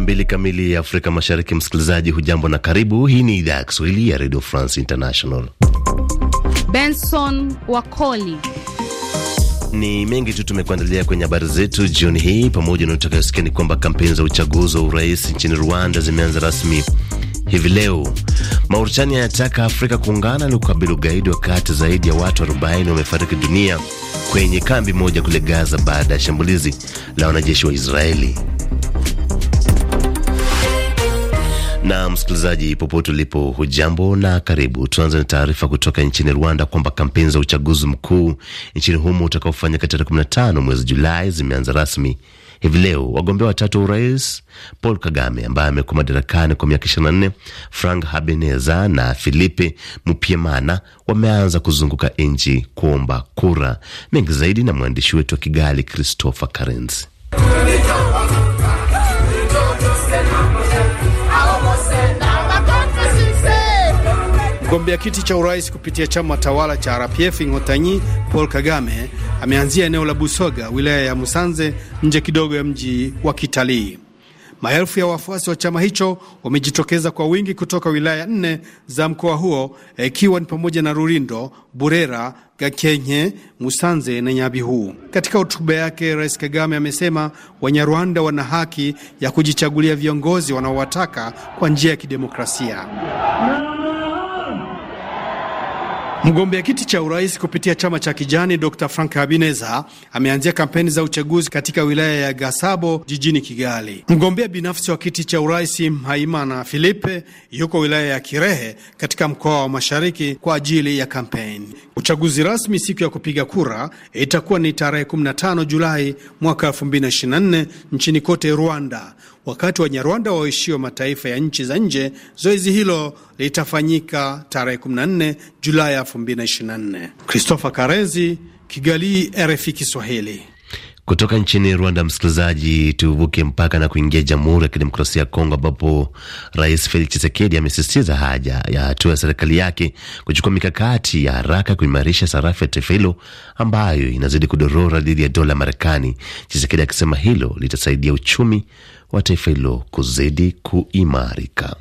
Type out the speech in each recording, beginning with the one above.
12 kamili ya Afrika Mashariki. Msikilizaji hujambo na karibu. Hii ni idhaa ya Kiswahili ya Radio France International. Benson Wakoli ni mengi tu tumekuandalia kwenye habari zetu jioni hii, pamoja na utakayosikia ni kwamba kampeni za uchaguzi wa urais nchini Rwanda zimeanza rasmi hivi leo. Mauritania yanataka Afrika kuungana ili kukabili ugaidi, wakati zaidi ya watu 40 wamefariki dunia kwenye kambi moja kule Gaza baada ya shambulizi la wanajeshi wa Israeli. Na msikilizaji, popote ulipo, hujambo na karibu. Tuanze na taarifa kutoka nchini Rwanda kwamba kampeni za uchaguzi mkuu nchini humo utakaofanyika tarehe 15 mwezi Julai zimeanza rasmi hivi leo. Wagombea watatu wa urais, Paul Kagame ambaye amekuwa madarakani kwa miaka 24, Frank Habineza na Filipe Mupiemana wameanza kuzunguka nchi kuomba kura. Mengi zaidi na mwandishi wetu wa Kigali, Christopher Karenzi. Mgombea kiti cha urais kupitia chama tawala cha RPF Ngotanyi Paul Kagame ameanzia eneo la Busoga, wilaya ya Musanze, nje kidogo ya mji wa kitalii. Maelfu ya wafuasi wa chama hicho wamejitokeza kwa wingi kutoka wilaya nne za mkoa huo, ikiwa ni pamoja na Rurindo, Burera, Gakenye, Musanze na Nyabihu. Katika hotuba yake, Rais Kagame amesema Wanyarwanda wana haki ya kujichagulia viongozi wanaowataka kwa njia ya kidemokrasia. Mgombea kiti cha urais kupitia chama cha kijani Dr Frank Habineza ameanzia kampeni za uchaguzi katika wilaya ya Gasabo jijini Kigali. Mgombea binafsi wa kiti cha urais Haimana Filipe yuko wilaya ya Kirehe katika mkoa wa Mashariki kwa ajili ya kampeni. Uchaguzi rasmi siku ya kupiga kura itakuwa ni tarehe 15 Julai mwaka 2024 nchini kote Rwanda, wakati nyarwanda waishiwa mataifa ya nchi za nje. Zoezi hilo litafanyika tarehe 14 Julai 2024. Christopher Karezi, Kigali, RFI Kiswahili. Kutoka nchini Rwanda, msikilizaji, tuvuke mpaka na kuingia Jamhuri ya Kidemokrasia ya Kongo, ambapo Rais Felix Tshisekedi amesisitiza haja ya hatua ya serikali yake kuchukua mikakati ya haraka kuimarisha sarafu ya taifa hilo ambayo inazidi kudorora dhidi ya dola Marekani, Tshisekedi akisema hilo litasaidia uchumi wa taifa hilo kuzidi kuimarika.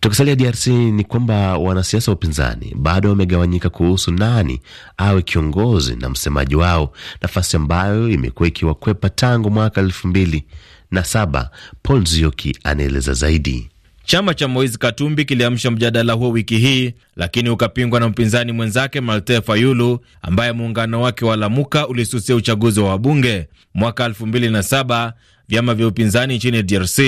Tukisalia DRC ni kwamba wanasiasa wa upinzani bado wamegawanyika kuhusu nani awe kiongozi na msemaji wao, nafasi ambayo imekuwa ikiwakwepa tangu mwaka elfu mbili na saba. Paul Zioki anaeleza zaidi. Chama cha Moise Katumbi kiliamsha mjadala huo wiki hii, lakini ukapingwa na mpinzani mwenzake Martin Fayulu ambaye muungano wake wa Lamuka ulisusia uchaguzi wa wabunge mwaka 2007 vyama vya upinzani nchini DRC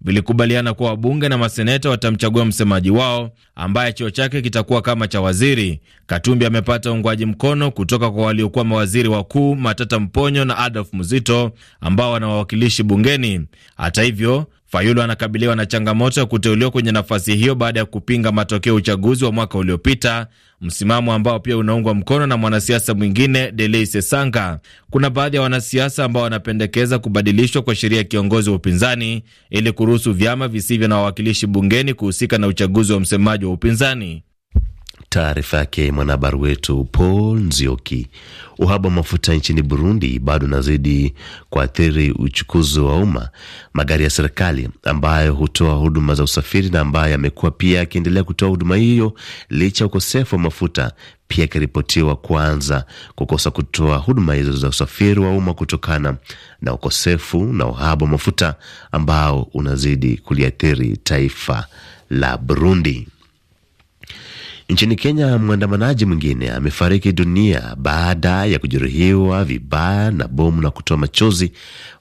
vilikubaliana kuwa wabunge na maseneta watamchagua msemaji wao ambaye cheo chake kitakuwa kama cha waziri. Katumbi amepata uungwaji mkono kutoka kwa waliokuwa mawaziri wakuu Matata Mponyo na Adolf Muzito ambao wanawawakilishi bungeni. Hata hivyo, Fayulu anakabiliwa na changamoto ya kuteuliwa kwenye nafasi hiyo baada ya kupinga matokeo ya uchaguzi wa mwaka uliopita, msimamo ambao pia unaungwa mkono na mwanasiasa mwingine Delei Sesanga. Kuna baadhi ya wanasiasa ambao wanapendekeza kubadilishwa kwa sheria ya kiongozi wa upinzani ili kuruhusu vyama visivyo na wawakilishi bungeni kuhusika na uchaguzi wa msemaji wa upinzani. Taarifa yake mwanahabari wetu Paul Nzioki. Uhaba wa mafuta nchini Burundi bado unazidi kuathiri uchukuzi wa umma. Magari ya serikali ambayo hutoa huduma za usafiri na ambayo yamekuwa pia yakiendelea kutoa huduma hiyo licha ya ukosefu wa mafuta, pia ikiripotiwa kuanza kukosa kutoa huduma hizo za usafiri wa umma kutokana na ukosefu na uhaba wa mafuta ambao unazidi kuliathiri taifa la Burundi. Nchini Kenya, mwandamanaji mwingine amefariki dunia baada ya kujeruhiwa vibaya na bomu la kutoa machozi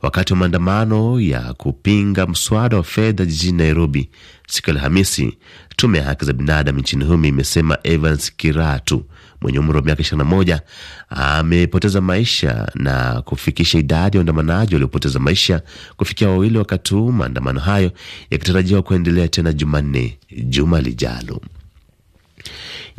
wakati wa maandamano ya kupinga mswada wa fedha jijini Nairobi siku ya Alhamisi. Tume ya haki za binadamu nchini humo imesema Evans Kiratu mwenye umri wa miaka 21 amepoteza maisha na kufikisha idadi ya waandamanaji waliopoteza maisha kufikia wawili, wakati huu maandamano hayo yakitarajiwa kuendelea tena Jumanne juma lijalo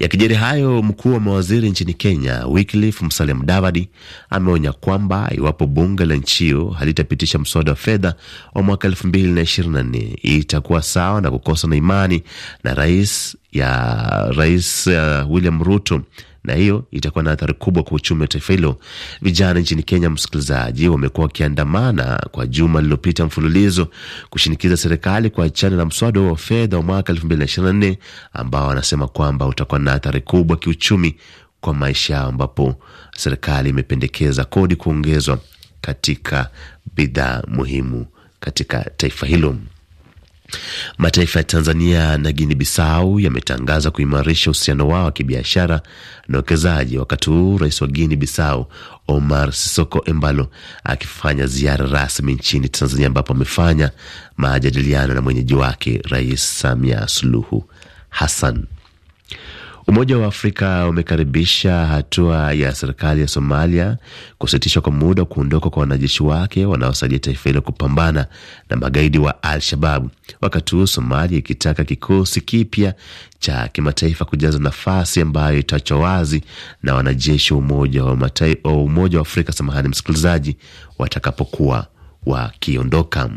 kijeri hayo, mkuu wa mawaziri nchini Kenya Wycliffe Musalia Mudavadi ameonya kwamba iwapo bunge la nchi hiyo halitapitisha mswada wa fedha wa mwaka 2024 itakuwa sawa na kukosa na imani na rais ya Rais uh, William Ruto na hiyo itakuwa na athari kubwa kwa uchumi wa taifa hilo. Vijana nchini Kenya, msikilizaji, wamekuwa wakiandamana kwa juma lililopita mfululizo kushinikiza serikali kuachana na mswada wa fedha wa mwaka 2024 ambao wanasema kwamba utakuwa na athari kubwa kiuchumi kwa maisha yao, ambapo serikali imependekeza kodi kuongezwa katika bidhaa muhimu katika taifa hilo. Mataifa ya Tanzania na guini Bissau yametangaza kuimarisha uhusiano wao wa kibiashara na uwekezaji, wakati huu rais wa guini Bissau Omar Sisoko Embalo akifanya ziara rasmi nchini Tanzania, ambapo amefanya majadiliano na mwenyeji wake Rais Samia Suluhu Hassan. Umoja wa Afrika umekaribisha hatua ya serikali ya Somalia kusitishwa kwa muda wa kuondoka kwa wanajeshi wake wanaosaidia taifa hilo kupambana na magaidi wa Al-Shabab, wakati huu Somalia ikitaka kikosi kipya cha kimataifa kujaza nafasi ambayo itaachwa wazi na wanajeshi wa Umoja wa Matai, wa Umoja wa Afrika, samahani msikilizaji, watakapokuwa wakiondoka.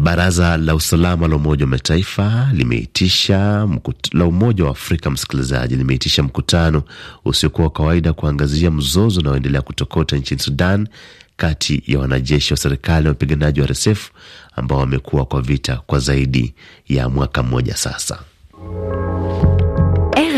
Baraza la usalama la Umoja wa Mataifa limeitisha la Umoja wa Afrika, msikilizaji, limeitisha mkutano usiokuwa wa kawaida kuangazia mzozo unaoendelea kutokota nchini Sudan kati ya wanajeshi wa serikali na wapiganaji wa RSF ambao wamekuwa kwa vita kwa zaidi ya mwaka mmoja sasa.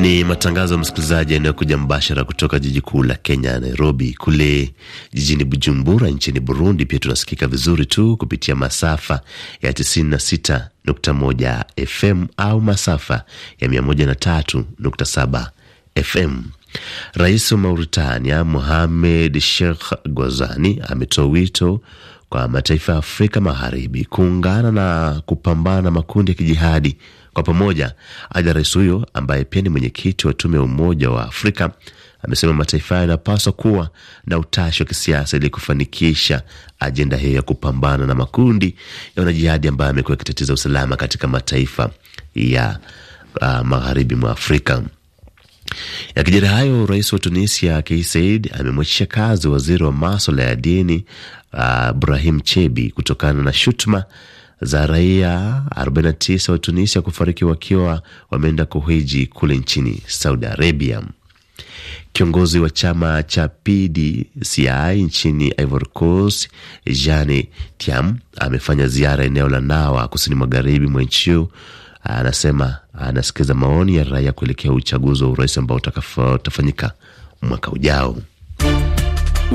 Ni matangazo ya msikilizaji yanayokuja mbashara kutoka jiji kuu la Kenya, Nairobi. Kule jijini Bujumbura nchini Burundi pia tunasikika vizuri tu kupitia masafa ya 96.1 FM au masafa ya 103.7 FM. Rais wa Mauritania Mohamed Sheikh Ghazani ametoa wito kwa mataifa ya Afrika Magharibi kuungana na kupambana na makundi ya kijihadi kwa pamoja. aidha rais huyo ambaye pia ni mwenyekiti wa tume ya Umoja wa Afrika amesema mataifa hayo yanapaswa kuwa na utashi wa kisiasa ili kufanikisha ajenda hiyo ya kupambana na makundi ya wanajihadi ambayo amekuwa akitatiza usalama katika mataifa ya uh, magharibi mwa Afrika. Yakijiri hayo, rais wa Tunisia Kais Saied amemwachisha kazi waziri wa maswala ya dini Ibrahim ah, uh, Chebi kutokana na shutuma za raia 49 wa Tunisia kufariki wakiwa wameenda kuhiji kule nchini Saudi Arabia. Kiongozi wa chama cha PDCI nchini Ivory Coast Jeanne Tiam amefanya ziara eneo la Nawa kusini magharibi mwa nchi hiyo anasema anasikiza maoni ya raia kuelekea uchaguzi wa urais ambao utafanyika mwaka ujao.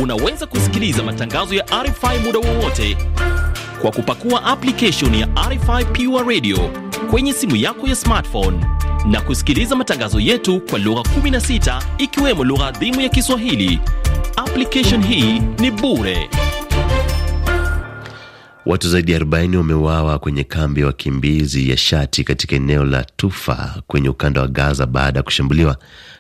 Unaweza kusikiliza matangazo ya RFI muda wowote kwa kupakua application ya RFI Pure Radio kwenye simu yako ya smartphone na kusikiliza matangazo yetu kwa lugha 16 ikiwemo lugha adhimu ya Kiswahili. Application hii ni bure. Watu zaidi ya 40 wameuawa kwenye kambi ya wakimbizi ya Shati katika eneo la Tufa kwenye ukanda wa Gaza baada ya kushambuliwa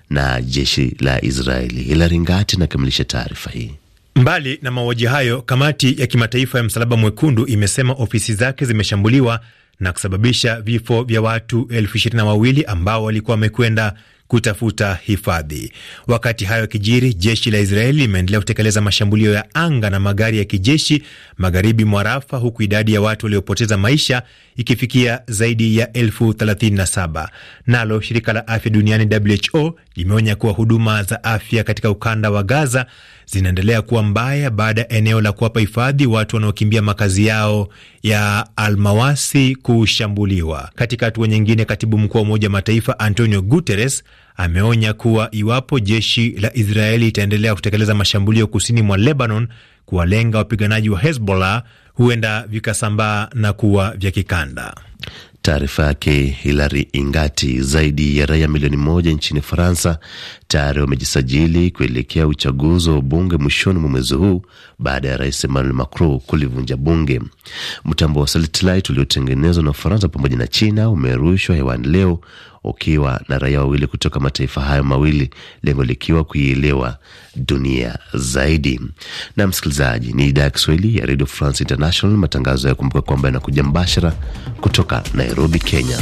na jeshi la Israeli. Hilari Ngati inakamilisha taarifa hii. Mbali na mauaji hayo, kamati ya kimataifa ya Msalaba Mwekundu imesema ofisi zake zimeshambuliwa na kusababisha vifo vya watu elfu ishirini na wawili ambao walikuwa wamekwenda kutafuta hifadhi. Wakati hayo kijiri, jeshi la Israeli limeendelea kutekeleza mashambulio ya anga na magari ya kijeshi magharibi mwa Rafa, huku idadi ya watu waliopoteza maisha ikifikia zaidi ya elfu 37. Nalo shirika la afya duniani WHO limeonya kuwa huduma za afya katika ukanda wa Gaza zinaendelea kuwa mbaya baada ya eneo la kuwapa hifadhi watu wanaokimbia makazi yao ya Almawasi kushambuliwa. Katika hatua nyingine, katibu mkuu wa Umoja wa Mataifa Antonio Guterres ameonya kuwa iwapo jeshi la Israeli itaendelea kutekeleza mashambulio kusini mwa Lebanon kuwalenga wapiganaji wa Hezbollah huenda vikasambaa na kuwa vya kikanda. Taarifa yake Hilary Ingati. Zaidi ya raia milioni moja nchini Faransa tayari wamejisajili kuelekea uchaguzi wa bunge mwishoni mwa mwezi huu baada ya rais Emmanuel Macron kulivunja bunge. Mtambo wa satellite uliotengenezwa na Ufaransa pamoja na China umerushwa hewani leo ukiwa na raia wawili kutoka mataifa hayo mawili, lengo likiwa kuielewa dunia zaidi. Na msikilizaji, ni idhaa ya Kiswahili ya Radio France International, matangazo ya kumbuka kwamba yanakuja mbashara kutoka Nairobi, Kenya.